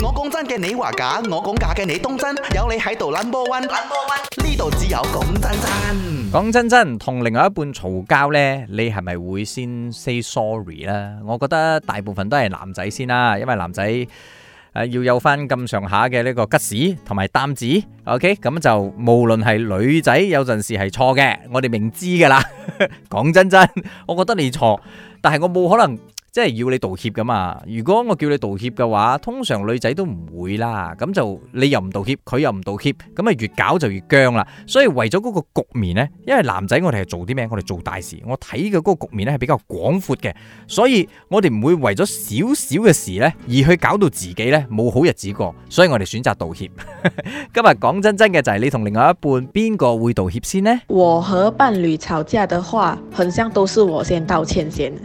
我講真嘅，你話假；我講假嘅，你當真。有你喺度捻波溫，捻波溫，呢度只有講真真。講真真，同另外一半嘈交呢，你係咪會先 say sorry 啦？我覺得大部分都係男仔先啦，因為男仔誒要有翻咁上下嘅呢個吉屎同埋擔子。OK，咁就無論係女仔，有陣時係錯嘅，我哋明知噶啦。講真真，我覺得你錯，但係我冇可能。即係要你道歉噶嘛？如果我叫你道歉嘅話，通常女仔都唔會啦。咁就你又唔道歉，佢又唔道歉，咁啊越搞就越僵啦。所以為咗嗰個局面呢，因為男仔我哋係做啲咩？我哋做大事。我睇嘅嗰個局面呢係比較廣闊嘅，所以我哋唔會為咗少少嘅事呢而去搞到自己呢冇好日子過。所以我哋選擇道歉。 今日講真真嘅就係你同另外一半邊個會道歉先呢？我和伴侶吵架的話，很像都是我先道歉先。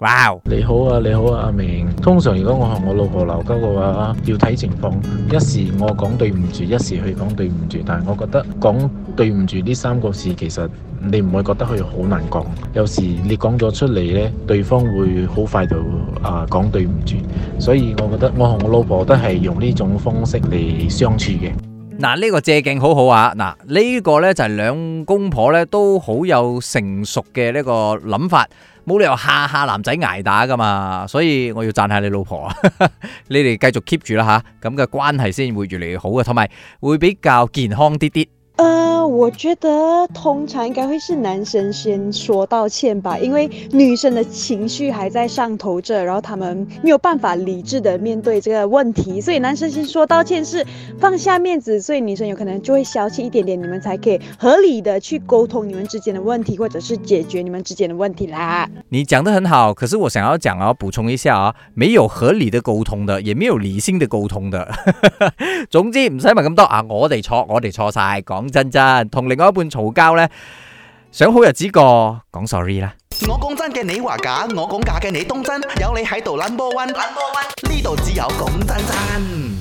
wow 你好啊，你好啊，阿明。通常如果我同我老婆鬧交嘅話，要睇情況。一時我講對唔住，一時佢講對唔住。但係我覺得講對唔住呢三個字，其實你唔會覺得佢好難講。有時你講咗出嚟呢，對方會好快就啊講對唔住。所以我覺得我同我老婆都係用呢種方式嚟相處嘅。嗱、這、呢個借鏡好好啊！嗱、這、呢個呢，就係兩公婆呢都好有成熟嘅呢個諗法，冇理由下下男仔捱打噶嘛，所以我要贊下你老婆， 你哋繼續 keep 住啦吓，咁嘅關係先會越嚟越好嘅，同埋會比較健康啲啲。呃，我覺得通常應該會是男生先說道歉吧，因為女生的情緒還在上頭着，然後他們沒有辦法理智的面對這個問題，所以男生先說道歉是放下面子，所以女生有可能就會消氣一點點，你們才可以合理的去溝通你們之間的問題，或者是解決你們之間的問題啦。你講的很好，可是我想要講啊，補充一下啊，沒有合理的溝通的，也沒有理性的溝通的。 總之不，唔使問咁多啊，我哋錯，我哋錯晒講。真真同另外一半嘈交呢，想好日子過，講 sorry 啦。我講真嘅，你話假；我講假嘅，你當真。有你喺度，number one，number one，呢度只有講真真。陣陣